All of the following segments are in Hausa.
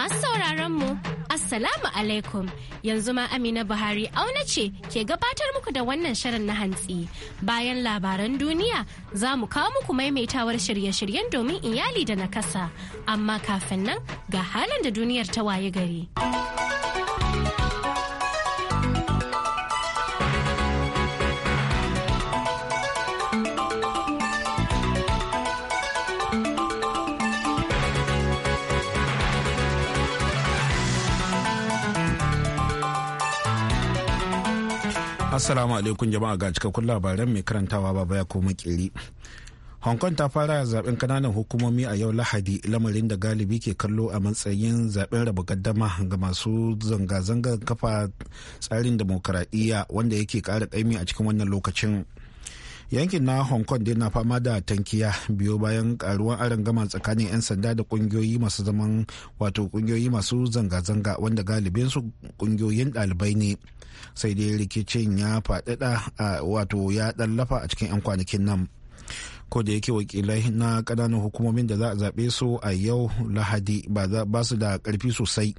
Masu sauraron mu, Assalamu alaikum. Yanzu ma Amina Buhari auna ce ke gabatar muku da wannan shirin na hantsi. Bayan labaran duniya, za mu kawo muku maimaitawar shirye-shiryen domin iyali da nakasa. Amma kafin nan ga halin da duniyar ta waye gari. Assalamu alaikum jama'a ga cikakkun labaran mai karantawa baba ya koma kiri. Hong Kong ta fara zaben kananan hukumomi a yau Lahadi lamarin da galibi ke kallo a matsayin zaben raba gaddama ga masu zanga-zangar kafa tsarin demokaradiyya wanda yake kara ƙaimi a cikin wannan lokacin. yankin na hong kong dai na fama da tankiya biyo bayan karuwan gama tsakanin 'yan sanda da kungiyoyi masu zaman wato kungiyoyi masu zanga-zanga wanda galibin su kungiyoyin ɗalibai ne sai dai rikicin ya faɗaɗa wato ya ɗallafa a cikin 'yan kwanakin nan ko da yake wakilai na kananan hukumomin da za a zaɓe su a yau lahadi ba su da ƙarfi sosai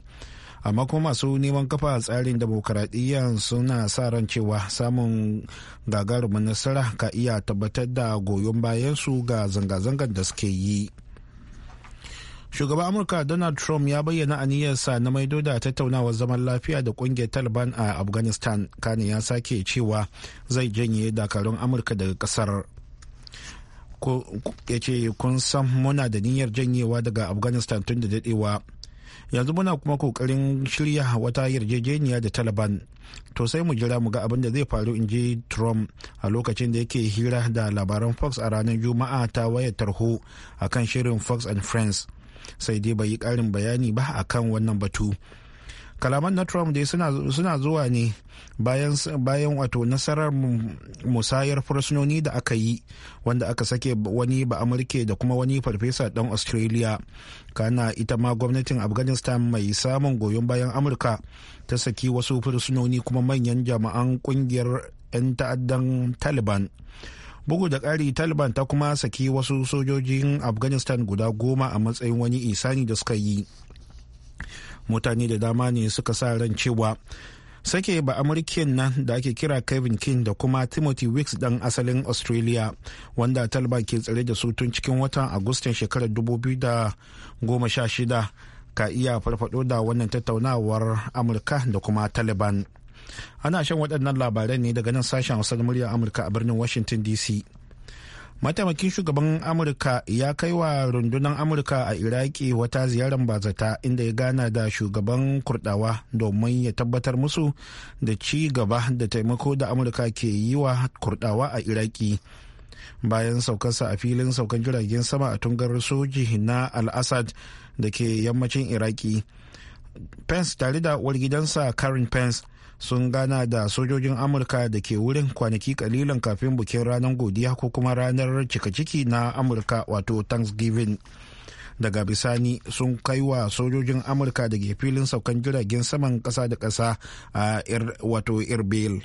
amma kuma masu neman kafa tsarin demokaradiyyar suna sa ran cewa samun gagarumin nasara ka iya tabbatar da goyon bayansu ga zanga-zangar da suke yi shugaban amurka donald trump ya bayyana aniyarsa na maido da tattaunawar zaman lafiya da kungiyar taliban a afghanistan kane ya sake cewa zai janye dakarun amurka daga kasar ya ce kun san muna da niyyar janyewa daga afghanistan tun da dadewa yanzu muna kuma kokarin shirya wata yarjejeniya da taliban to sai mu jira mu ga abin da zai faru in ji trump a lokacin da yake hira da labaran fox a ranar juma'a ta wayar tarho akan shirin fox and friends sai dai bai yi karin bayani ba akan wannan batu kalaman na trump dai suna zuwa ne bayan wato nasarar musayar fursunoni da aka yi wanda aka sake wani ba amurke da kuma wani farfesa dan australia kana ita ma gwamnatin afghanistan mai samun goyon bayan amurka ta saki wasu fursunoni kuma manyan jama'an kungiyar 'yan ta'addan taliban bugu da ƙari taliban ta kuma saki wasu sojojin afghanistan guda goma a matsayin wani isani da suka yi mutane da dama ne suka sa ran cewa sake ba amurkiyan nan da ake kira kevin king da kuma timothy wicks dan asalin australia wanda taliban ke tsare da su tun cikin watan agustan shekarar 2016 ka iya farfado da wannan tattaunawar amurka da kuma taliban ana shan waɗannan labarai ne daga nan sashen wasan muryar murya amurka a birnin washington dc mataimakin shugaban amurka ya kai wa rundunar amurka a iraki wata ziyarar bazata inda ya gana da shugaban kurdawa domin ya tabbatar musu da ci gaba da taimako da amurka ke yi wa kurdawa a iraki bayan saukarsa a filin saukan jiragen sama a tungar soji na al-assad da ke yammacin iraki pence tare da uwar gidansa karen pence sun gana da sojojin amurka da ke wurin kwanaki kalilan kafin bukin ranar godiya ko kuma ranar cika-ciki na amurka wato thanksgiving daga bisani sun kai wa sojojin amurka da filin saukan jiragen saman kasa da kasa a wato irbil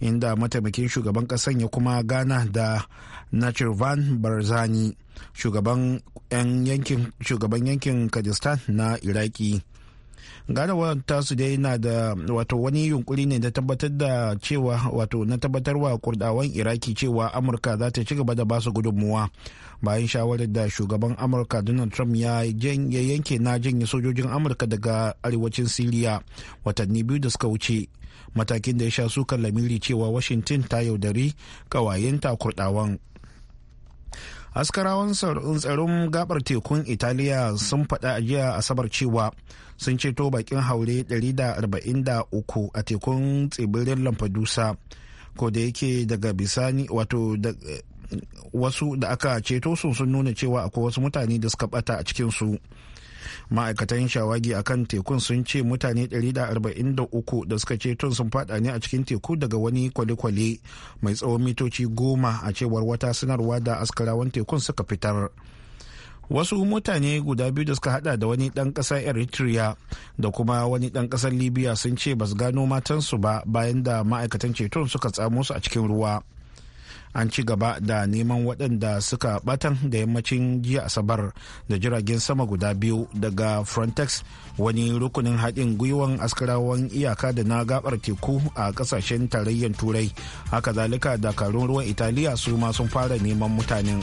inda mataimakin shugaban kasan ya kuma gana da nachirvan barzani shugaban yankin kajistan na iraki ta tasu dai na da wato wani yunkuri ne da tabbatar da cewa wato na tabbatarwa kurdawan iraki cewa amurka za ta ci gaba da basu gudunmuwa bayan shawarar da shugaban amurka donald trump ya yanke na janye sojojin amurka daga arewacin siriya watanni biyu da suka wuce matakin da ya sha sukan lamiri cewa washington ta yaudari kawayenta kurdawan askarawan tsaron gabar tekun italiya sun faɗa a jiya asabar cewa sun ceto bakin haure 143 a tekun tsibirin lamfadusa ko da yake daga bisani wato wasu da aka ceto su sun nuna cewa akwai wasu mutane da suka bata a cikinsu ma'aikatan shawagi a kan tekun sun ce mutane 143 da suka ceton sun fada ne a cikin teku daga wani kwale mai tsawon mitoci goma a cewar wata sanarwa da askarawan tekun suka fitar wasu mutane guda biyu da suka hada da wani dan kasar eritrea da kuma wani dan kasar libya sun ce ba su gano matansu ba bayan da ma'aikatan ceton suka tsamo su a cikin ruwa an ci gaba da neman waɗanda suka batan da yammacin jiya asabar da jiragen sama guda biyu daga frontex wani rukunin haɗin gwiwan askarawan iyaka da na gabar teku a ƙasashen tarayyar turai haka zalika dakarun ruwan italiya su ma sun fara neman mutanen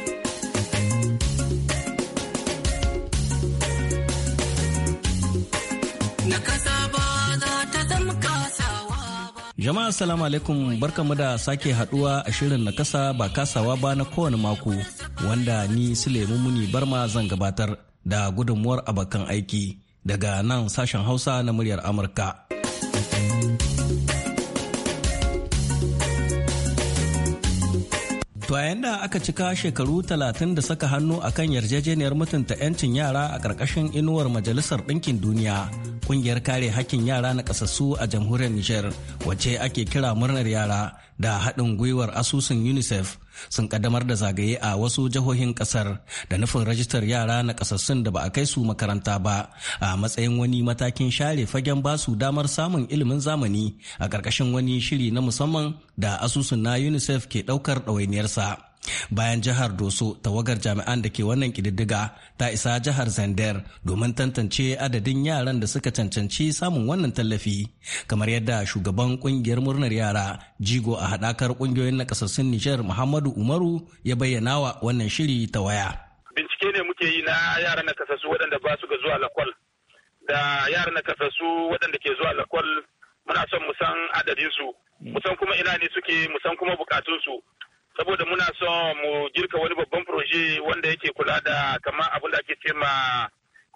Jama'a salamu alaikum barkamu da sake haduwa a shirin na kasa ba kasawa ba na kowane mako wanda ni Sulaimu Muni Barma zan gabatar da gudunmuwar abokan aiki daga nan sashen Hausa na muryar Amurka. To a yanda aka cika shekaru talatin da saka hannu a kan yarjejeniyar mutunta 'yancin yara a ƙarƙashin inuwar Majalisar Ɗinkin Duniya, ƙungiyar kare hakkin yara na ƙasassu a jamhuriyar Nijar, wacce ake kira murnar yara, da haɗin gwiwar asusun unicef sun kaddamar da zagaye a wasu jihohin ƙasar da nufin rajistar yara na ƙasassun da ba a kai su makaranta ba a matsayin wani matakin share fagen basu damar samun ilimin zamani a ƙarƙashin wani shiri na musamman da asusun na unicef ke ɗaukar ɗawainiyarsa. bayan jihar doso tawagar jami'an da ke wannan kididdiga ta isa jihar zander domin tantance adadin yaran da suka cancanci samun wannan tallafi kamar yadda shugaban kungiyar murnar yara jigo a hadakar kungiyoyin nakasassun nijar muhammadu umaru ya bayyana wa wannan shiri ta waya bincike ne muke yi na yaran nakasassu waɗanda ba su ga zuwa lakwal da yaran nakasassu waɗanda ke zuwa lakwal muna son mu san adadinsu mu san kuma ina ne suke mu san kuma bukatunsu saboda muna son mu girka wani babban proje wanda yake kula da kamar abin da ake ce ma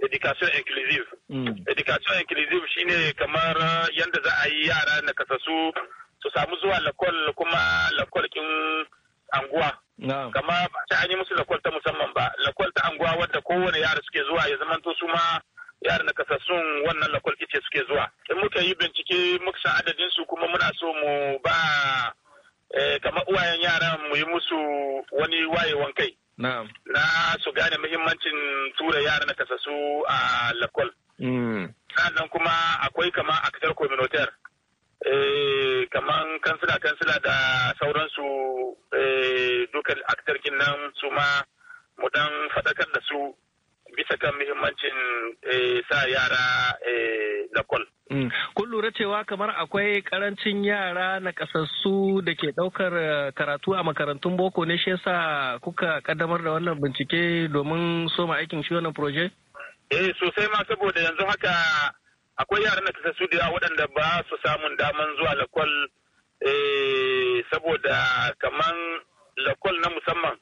education inclusive. Mm. Education inclusive shine kamar yadda za a yi yara na kasasu su samu zuwa lakol kuma lakol kin anguwa. Kama ba ta an yi musu lakol ta musamman ba, lakol ta anguwa wadda kowane yara suke zuwa ya to su ma yara na kasasun wannan lakol kice suke zuwa. In muka yi bincike muka san adadin su kuma muna so mu ba Eh, kamar uwayen yara mu yi musu wani wayewan kai. Na su gane muhimmancin tura yara kasasu a lakol. Hmm. Sannan kuma akwai kama a kasar communautaire. Eh, kaman kansila kansila da sauransu eh, dukkan aktarkin nan su ma mu dan faɗakar da su bisa kan muhimmancin eh, sa yara lakol. Eh, mm. Kun lura cewa kamar akwai karancin yara na kasassu da ke ɗaukar eh, karatu a makarantun boko ne shi yasa kuka kaddamar da wannan bincike domin soma aikin shi wannan proje? Eh sosai ma saboda yanzu haka akwai yara na kasassu da waɗanda ba su samun daman zuwa lakwal saboda kamar lakwal na musamman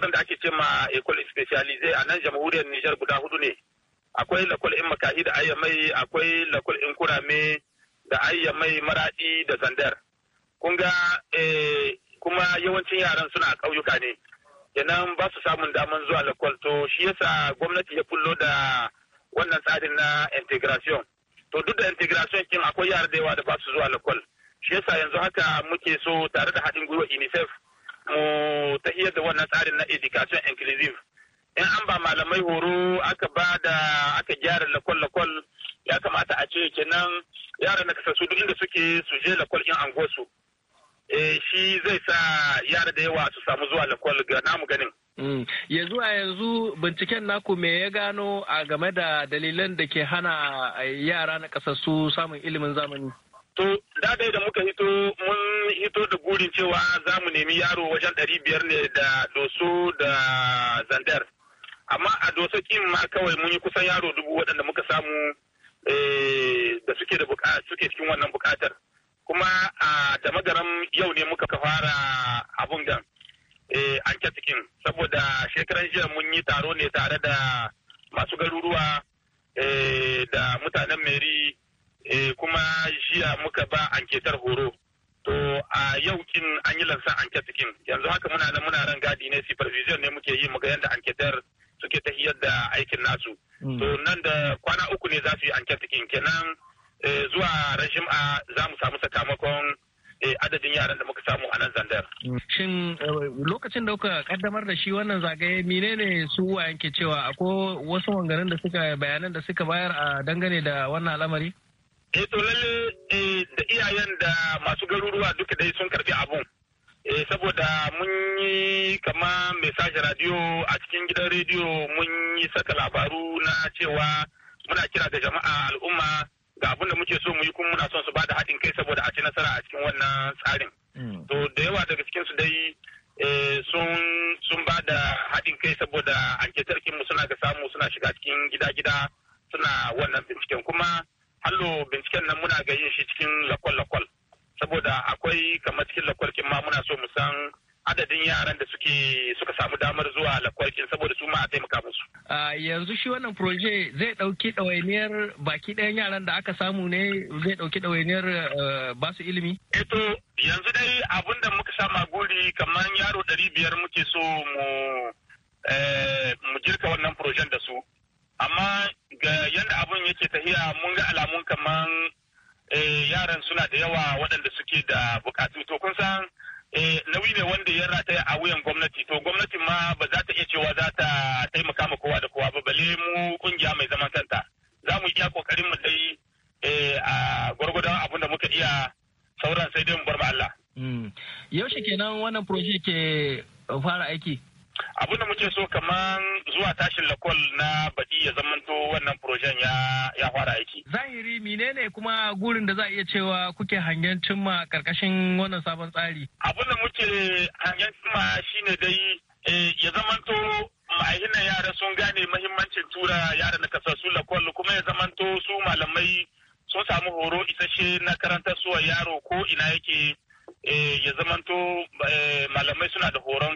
waɗanda ake ce ma ecol specialize a nan jamhuriyar Nijar guda hudu ne. Akwai lakol in makahi da ayyamai, akwai lakol in kurame da ayyamai maraɗi da zandar. Kun ga eh, kuma yawancin yaran suna ƙauyuka ne. Kenan ba su samun daman zuwa lakol to shi yasa gwamnati ya kullo da wannan tsarin na integration. To duk da integration kin akwai yara da yawa da ba su zuwa lakol. Shi yasa yanzu haka muke so tare da haɗin gwiwa UNICEF mu iya da wannan tsarin na education inclusive in an ba malamai horo aka ba da aka gyara lakwal-lakwal ya kamata a ce kenan yaran na kasassu duk inda suke su je lakwal in an su eh, shi zai sa yara da yawa su samu zuwa lakwal ga namu ganin mm. ya zuwa yanzu binciken naku me ya gano a game da dalilan da ke hana eh, yara na su samun ilimin zamani To da dai da muka hito mun hito da gurin cewa za mu nemi yaro wajen ɗari biyar ne da doso da zandar. Amma a doso kin ma kawai mun yi kusan yaro dubu waɗanda muka samu eh, da suke da suke cikin wannan buƙatar. Kuma a da magaram yau ne muka fara abun gan. Eh, anke cikin saboda shekaran jiya mun yi taro ne tare da masu garuruwa eh, da mutanen meri eh, kuma jiya muka ba anketar horo to a yau kin an yi lansan anket yanzu haka muna nan muna ran gadi ne supervision ne muke yi muga yadda anketar suke tafiyar da aikin nasu hmm. to nan da kwana uku ne za su yi anket kenan eh, zuwa rashin a za mu samu sakamakon eh, adadin yaran da muka samu a nan zandar. Hmm. Shin eh, lokacin da kuka kaddamar da shi wannan zagaye ne su yanke cewa akwai wasu wangarin da suka bayanan da suka bayar a dangane da wannan al'amari? eh to lalle eh, da iyayen da masu garuruwa duka dai sun karbi abun eh saboda mun yi kama message radio a cikin gidan radio mun yi saka labaru na cewa muna kira da jama'a al'umma ga abin da muke so mu yi kuma muna son su bada haɗin kai saboda a ci nasara a cikin wannan tsarin hmm. to da yawa daga cikin su dai eh, sun ba da haɗin kai saboda an ke tarkin mu suna ga samu suna shiga cikin gida-gida suna wannan binciken kuma hallo binciken nan muna ga yin shi cikin lakwal-lakwal saboda akwai kamar cikin lakwalkin ma muna so mu san adadin yaran da suke suka samu damar zuwa lakwalkin saboda su ma a taimaka musu. yanzu shi wannan proje zai ɗauki ɗawainiyar baki ɗayan yaran da aka samu ne zai ɗauki ɗawainiyar eh, ba su ilimi? Eto eh yanzu dai abun da muka sa maguri kamar yaro ɗari biyar muke so mu eh, mu girka wannan projen da su. Amma yake tahiya mun ga alamun kaman eh, yaran suna da yawa waɗanda suke da bukatu to kun san eh, nauyi ne wanda ya rataya a wuyan gwamnati to gwamnati ma ba za ta iya cewa za ta taimaka ma kowa da kowa ba bale mu kungiya mai zaman kanta za mu iya kokarin mu dai eh, a gwargwadon abin da muka iya sauran sai dai mu bar ma Allah. Hmm. Yaushe kenan wannan proje ke fara aiki? Abin da muke so kaman zuwa tashin lakol na ya zamanto wannan projen ya fara aiki. Zahiri menene kuma gurin da za a iya cewa kuke hangen cimma karkashin wannan sabon tsari? Abin da muke hangen cimma shine dai eh, ya zamanto ma'ahinan yara sun gane mahimmancin tura yara na kasassu kwallo, kuma ya zamanto su malamai sun samu horo isasshe na karantar suwa yaro ko ina yake eh, ya zamanto eh, malamai suna da horon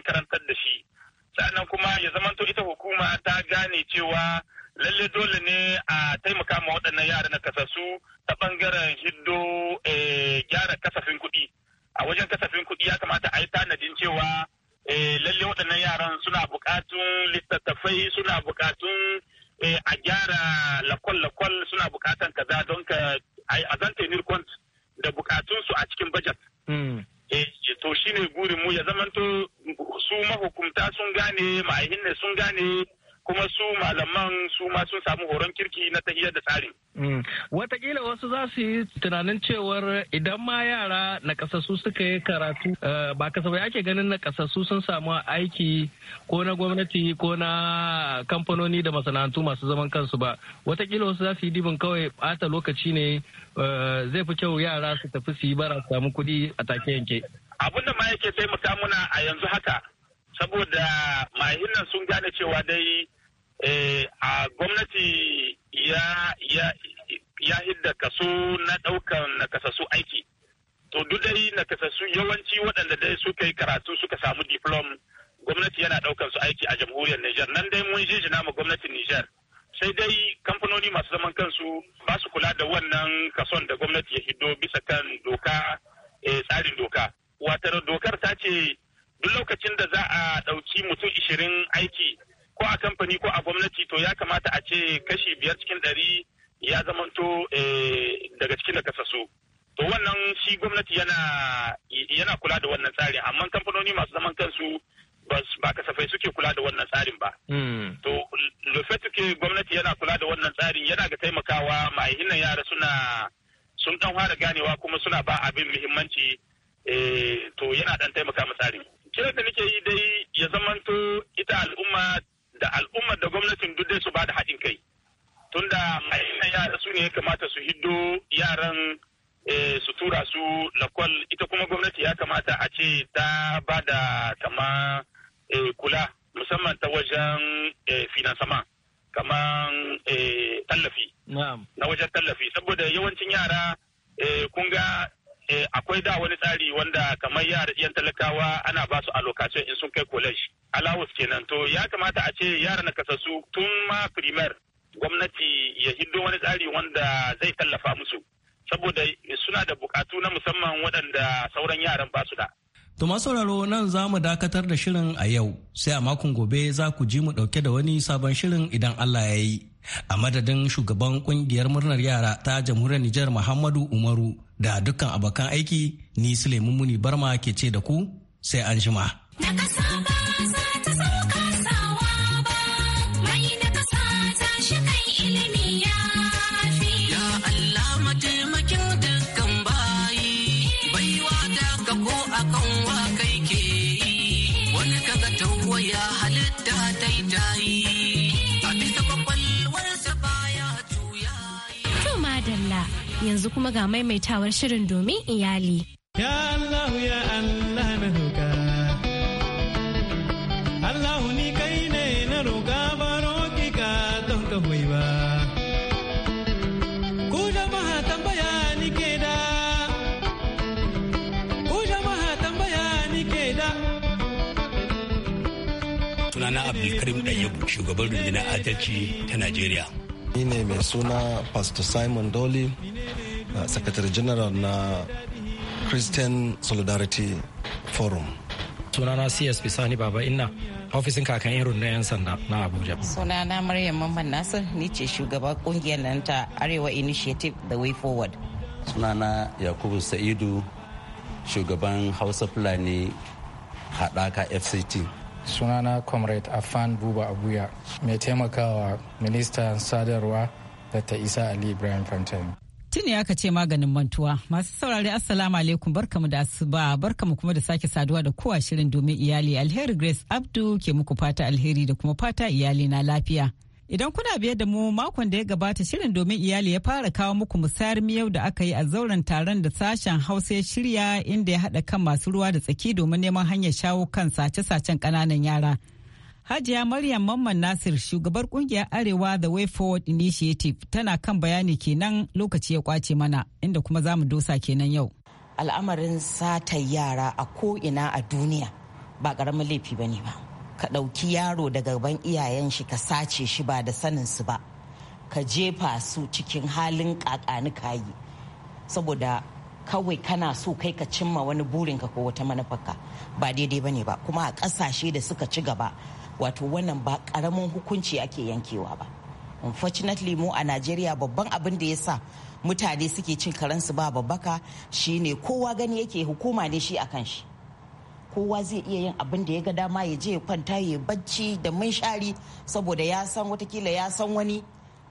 tunanin cewar idan ma yara na kasassu suka yi karatu eh, ba kasafai ake ganin na kasassu sun samu aiki ko na gwamnati ko na kamfanoni da masana'antu masu zaman kansu ba watakila wasu za su yi dibin kawai bata lokaci ne eh, zai fi kyau yara su tafi su yi bara samu kuɗi a take yanke abinda da ma yake taimaka muna a yanzu haka saboda mahinnan sun gane cewa dai eh, a gwamnati ya ya hidda kaso na na nakasassu aiki to duk dai nakasassu yawanci waɗanda dai suka yi karatu suka samu diplom gwamnati yana ɗaukar su aiki a jamhuriyar Nijar nan dai mun shi mu gwamnatin Nijar sai dai kamfanoni masu zaman kansu ba su kula da wannan kason da gwamnati ya hiddo bisa kan doka eh, tsarin doka Wata dokar ta ce duk lokacin da za a ɗauki mutum ishirin aiki ko a kamfani ko a gwamnati to ya kamata a ce kashi biyar cikin ɗari ya zamanto eh, daga cikin nakasassu to wannan shi gwamnati yana kula da wannan tsarin amma kamfanoni masu zaman kansu ba kasafai suke kula da wannan tsarin ba hmm. to lufetu ke gwamnati yana kula da wannan tsarin yana ga taimakawa ma'ahinan yara suna sun ɗan fara ganewa kuma suna ba abin muhimmanci eh, to yana dan taimaka ma tsarin kiran da nake yi dai ya zamanto ita al'umma da al'umma da gwamnatin duk dai su ba da haɗin kai tunda ma'aikatan yara su ne ya kamata su hiddo yaran eh, su tura su lakwal ita kuma gwamnati ya kamata a ce ta ba da kama eh, kula musamman ta wajen eh, finansama kamar tallafi na wajen tallafi saboda yawancin yara kun ga akwai da wani tsari wanda kamar yara yan talakawa ana ba su alokacin in sun kai college allowance kenan to ya kamata a ce yara na kasasu tun ma primaire. gwamnati ya hiddo wani tsari wanda zai tallafa musu saboda suna da bukatu na musamman waɗanda sauran yaran ba su da. To sauraro nan za mu dakatar da shirin a yau sai a makon gobe za ku ji mu ɗauke da wani sabon shirin idan Allah ya yi. A madadin shugaban kungiyar murnar yara ta jamhuriyar Nijar Muhammadu Umaru da dukkan abokan aiki ni Suleiman Muni Barma ke ce da ku sai an jima. kuma ga maimaitawar shirin domin iyali. Ya Allah ya Allah na roƙa. Allah ni kai ne na roƙa ba roƙi ka don ka hoyi ba. Ku jama'a tambaya ni ke da. Ku jama'a tambaya ni ke da. Sunana Abdulkarim Ɗayyabu, shugaban rundunar adalci ta Najeriya. Ni ne mai suna Pastor Simon Dolly secretary general na christian solidarity forum sunana csp sani baba inna ofisin kakan irin na 'yan sanda na abuja sunana maryam mamman nasir ni ce shugaba kungiyar nan ta arewa initiative the way forward sunana yakubu sa'idu shugaban hausa fulani haɗaka fct sunana comrade afan buba abuya mai taimakawa ministan sadarwa da ta isa ali ibrahim fantani Tuni aka ce maganin mantuwa. Masu saurari Assalamu alaikum barkamu da asuba barkamu kuma da sake saduwa da kowa shirin domin iyali alheri Grace Abdu ke muku fata alheri da kuma fata iyali na lafiya. Idan kuna biyar da mu makon da ya gabata shirin domin iyali ya fara kawo muku musayar miyau da aka yi a zauren taron da sashen Hausa ya shirya inda ya haɗa kan masu ruwa da tsaki domin neman hanyar shawo kan sace-sacen ƙananan yara. Hajiya Maryam Mamman Nasir shugabar kungiyar Arewa The Way Forward Initiative tana kan bayani kenan lokaci ya kwace mana inda kuma za mu dosa kenan yau. Al'amarin sata yara a ko'ina a duniya ba ƙaramin laifi ba ne ba. Ka ɗauki yaro daga gaban iyayen shi ka sace shi ba da sanin su ba. Ka jefa su cikin halin ƙaƙani kayi. Saboda kawai kana so kai ka cimma wani burinka ko wata manufarka ba daidai ba ne ba kuma a ƙasashe da suka ci gaba wato wannan ba karamin hukunci ake yankewa ba unfortunately mu a najeriya babban abin da ya sa mutane suke cin karansu ba babbaka shine kowa gani yake hukuma ne shi a shi kowa zai iya yin abin da ya ga dama ya je ya kwanta ya bacci da munshari saboda ya san watakila ya san wani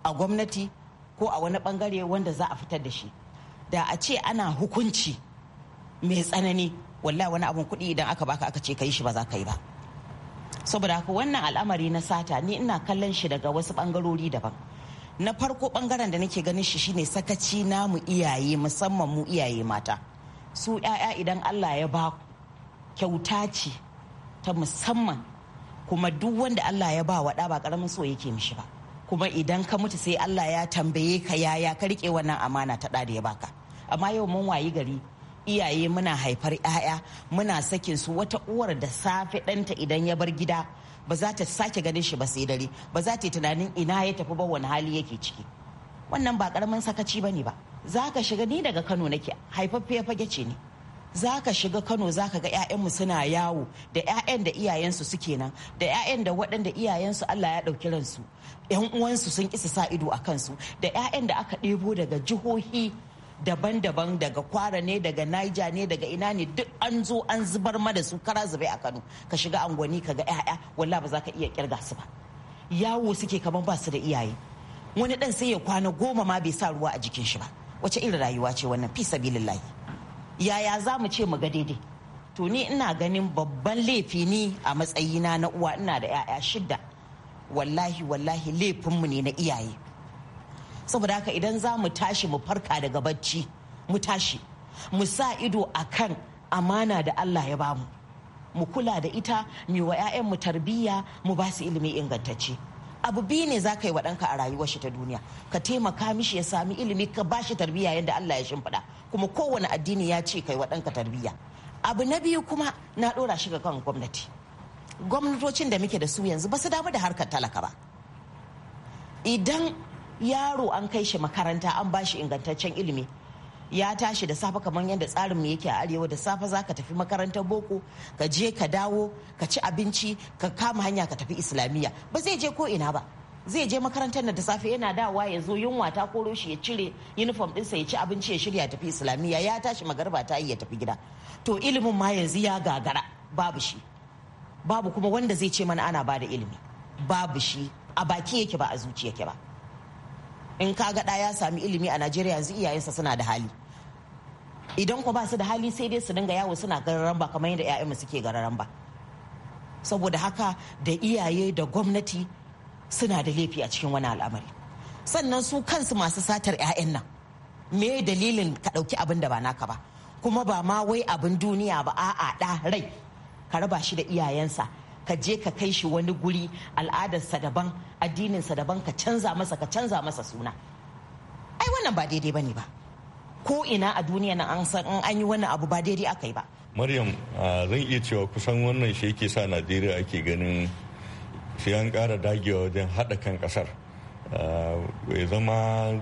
a gwamnati ko a wani bangare wanda za a fitar da shi da a ce ana hukunci mai tsanani wallahi wani abun kuɗi idan aka baka aka ce ka yi shi ba za ka yi ba saboda haka wannan al'amari na sata ni ina kallon shi daga wasu bangarori daban na farko bangaren da nake ganin shi shine sakaci namu iyaye musamman mu iyaye mata su 'ya'ya idan allah ya ba kyauta ce ta musamman kuma duk wanda allah ya ba waɗa ba ƙaramin so yake mishi ba kuma idan ka mutu sai allah ya tambaye ka yaya ka riƙe wannan amana ta ɗa da ya baka amma yau mun wayi gari iyaye muna haifar 'ya'ya muna sakin su wata uwar da safe ɗanta idan ya bar gida ba za ta sake ganin shi ba sai dare ba za ta yi tunanin ina ya tafi ba wani hali yake ciki wannan ba karamin sakaci bane ba za ka shiga ni daga kano nake haifaffe fage ce ne za ka shiga kano za ka ga 'ya'yanmu suna yawo da 'ya'yan da iyayensu suke nan da 'ya'yan da waɗanda iyayensu allah ya ɗauki ransu 'yan uwansu sun kisa sa ido a kansu da 'ya'yan da aka ɗebo daga jihohi daban-daban daga kwara ne daga niger ne daga ina ne duk an zo an zubar mada su kara zube a kano ka shiga angwani ka ga 'ya'ya walla ba za ka iya kirga su ba yawo suke kaman ba su da iyaye wani dan sai ya kwana goma ma bai sa ruwa a jikin shi ba wace irin rayuwa ce wannan fi sabilillahi yaya za mu ce mu ga daidai to ni ina ganin babban laifi ni a matsayina na uwa ina da 'ya'ya shidda wallahi wallahi laifinmu ne na iyaye saboda haka idan za mu tashi mu farka daga bacci mu tashi mu sa ido a kan amana da allah ya bamu mu kula da ita mu wa mu tarbiyya mu ba su ilimi ingantacce abu biyu ne za ka yi wa ɗanka a rayuwar shi ta duniya ka taimaka mishi ya sami ilimi ka ba shi tarbiyya yadda allah ya shimfiɗa kuma kowane addini ya ce kai wa tarbiyya abu na biyu kuma na ɗora shi ga kan gwamnati gwamnatocin da muke da su yanzu ba su damu da harkar talaka ba idan yaro an kai shi makaranta an ba shi ingantaccen ilimi ya tashi da safe kamar yadda tsarin mu yake a arewa da safe za ka tafi makarantar boko ka je ka dawo ka ci abinci ka kama hanya ka tafi islamiyya ba zai je ko ina ba zai je makarantar da safe yana dawa ya zo yunwa ta koro shi ya cire uniform dinsa ya ci abinci ya shirya tafi islamiyya ya tashi magarba ta yi ya tafi gida to ilimin ma yanzu ya gagara babu shi babu kuma wanda zai ce mana ana ba da ilimi babu shi a baki yake ba a zuciya yake ba in ka ga ɗa ya sami ilimi a najeriya yanzu iyayensa suna da hali idan ku ba su da hali sai dai su dinga yawo suna gararan ba kamar yadda 'ya'yanmu suke gararan ba saboda haka da iyaye da gwamnati suna da laifi a cikin wani al'amari sannan su kansu masu satar ƴaƴan nan me dalilin ka ɗauki abin da ba naka ba kuma ba ma wai abin duniya ba a'a ɗa rai ka raba shi da iyayensa ka je ka kai shi wani guri al'adarsa daban addininsa daban ka canza masa ka canza masa suna ai wannan ba daidai bane ba ko ina a duniya na an san an yi wani abu ba daidai aka yi ba maryam zan iya cewa kusan wannan shi yake sa najeriya ake ganin shi an ƙara dagewa wajen haɗa kan kasar bai zama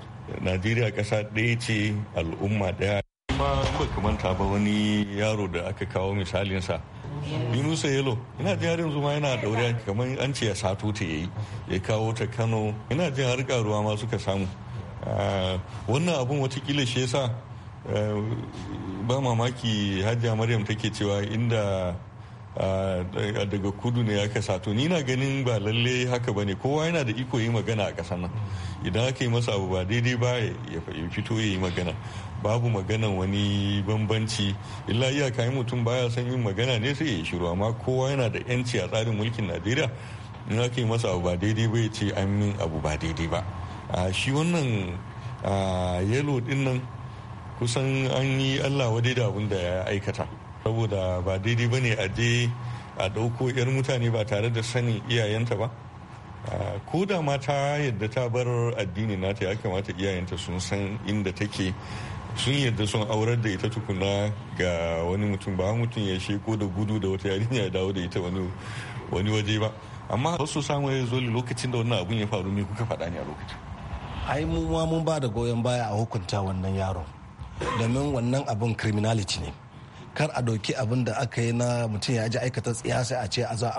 najeriya kasa ɗaya ce al'umma ɗaya ba kamanta ba wani yaro da aka kawo misalinsa yunusa yalo ina jin har yanzu ma yana daure kamar an ce ya sato ta yayi ya kawo ta kano ina jin har karuwa ma suka samu ah, wannan abun watakila shi yasa eh, ba mamaki Hajiya maryam take cewa inda daga kudu ne aka sato ni na ganin ba lalle haka ne kowa yana da iko yi magana a kasar nan idan aka yi masa abu ba daidai ba ya fito ya yi magana babu magana wani bambanci illa iyaka mutum baya son yin magana ne sai ya shiru amma kowa yana da yanci a tsarin mulkin najeriya in aka yi masa abu ba daidai ba ya ce an min abu ba daidai ba shi wannan yalo din kusan an yi allah wadai da abun da ya aikata saboda ba daidai ba ne a je a ɗauko 'yar mutane ba tare da sanin iyayenta ba ko da mata yadda ta bar addini nata ya kamata iyayenta sun san inda take sun yadda sun aurar da ita tukuna ga wani mutum ba mutum ya sheko da gudu da wata yarinya ya dawo da ita wani waje ba amma wasu samu ya zo lokacin da wannan abun ya faru ne kuka faɗa ne a lokacin ai mu ma mun ba da goyon baya a hukunta wannan yaron domin wannan abun criminality ne kar a ɗauki abin da aka yi na mutum ya ji aikata siyasa, a ce a za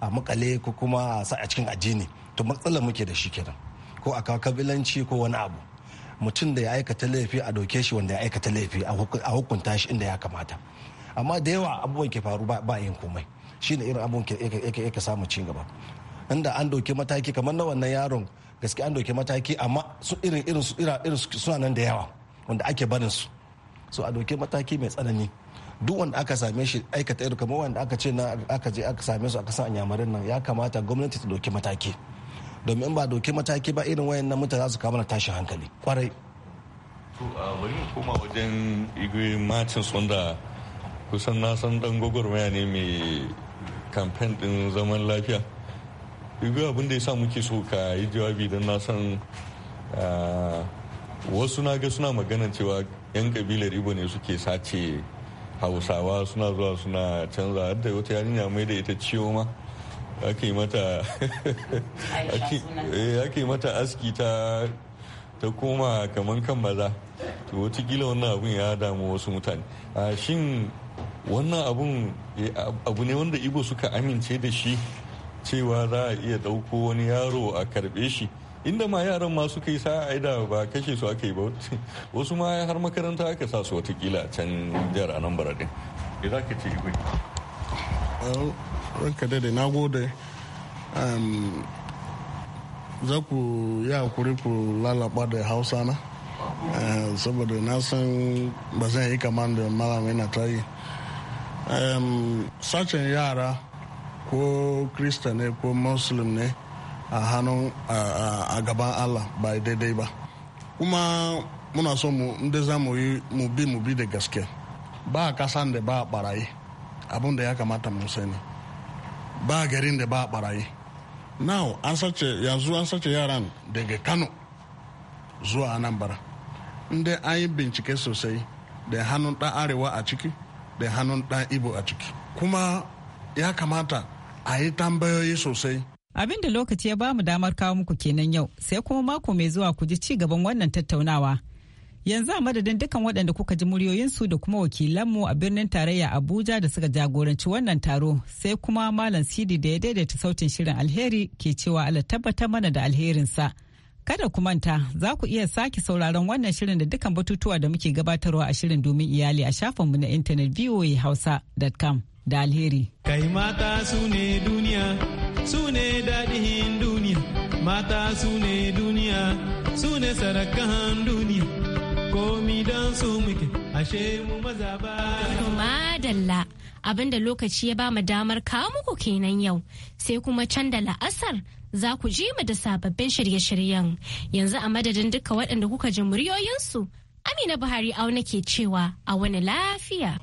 a makale ko kuma a sa a cikin addini to matsalar muke da shi kenan ko a kawo kabilanci ko wani abu mutum da ya aikata laifi a ɗauke shi wanda ya aikata laifi a hukunta shi inda ya kamata amma da yawa abubuwan ke faru ba yin komai Shi ne irin abubuwan yake samu ci gaba inda an ɗauki mataki kamar na wannan yaron gaske an ɗauki mataki amma su irin irin su irin suna nan da yawa wanda ake barin su so a ɗauki mataki mai tsanani duk wanda aka same shi aikata iri kamar wanda aka ce na aka je aka same su aka san anyamarin nan ya kamata gwamnati ta doki mataki domin ba doki mataki ba irin wayan nan mutane za su kama tashin hankali kwarai to bari mu koma wajen igwe martin sonda kusan na san dan gwagwarmaya ne mai kamfen din zaman lafiya igwe abin da ya sa muke so ka yi jawabi don na san wasu na ga suna maganar cewa 'yan kabilar ibo ne suke sace hausawa suna zuwa suna canza har da wata yarinya mai da ita ciwo ma ake mata eh, aski ta koma kamar kan maza to watakila wannan abun ya damu wasu mutane shin wannan abun eh, abu ne wanda igbo suka amince da shi cewa za a iya dauko wani yaro a karɓe shi inda ma yaran masu kai sa sa'a da ba kashe su aka yi ba wasu ma har makaranta aka sa su watakila can jihar anambra din ya za ka ce igwe ranka dade na gode za ku yi hakuri ku lalaba da hausa na eh, saboda na san ba zan yi kamar da malamai na ta yi sacin yara ko krista ne ko muslim ne a hannun a gaban allah ba daidai ba kuma muna so mu inda za mu yi da gaske ba kasa da ba barayi abin da ya kamata mu sani ba garin da ba barayi now an sace yanzu an sace yaran daga kano zuwa anambra inda anyi bincike sosai da hannun ɗan arewa a ciki da hannun ɗan ibo a ciki kuma ya kamata a yi tambayoyi sosai Abin da lokaci ya bamu damar kawo muku kenan yau sai kuma mako mai zuwa ku ji ci gaban wannan tattaunawa. Yanzu a madadin dukkan waɗanda kuka ji muryoyinsu da kuma wakilanmu a birnin tarayya Abuja da suka jagoranci wannan taro sai kuma Malam Sidi da ya daidaita sautin shirin alheri ke cewa Allah tabbatar mana da alherinsa. Kada ku manta za ku iya sake sauraron wannan shirin da dukkan batutuwa da muke gabatarwa a shirin domin iyali a shafinmu na intanet voahausa.com da alheri. Kai mata su ne duniya, su ne daɗin duniya, mata su ne duniya, su ne sarakan duniya, komi don su muke, ashe mu maza ba. abinda lokaci ya ba mu damar kawo muku kenan yau, sai kuma can da la'asar za ku ji mu da sababbin shirye-shiryen yanzu a madadin duka waɗanda kuka ji muryoyinsu amina buhari auna ke cewa a wani lafiya.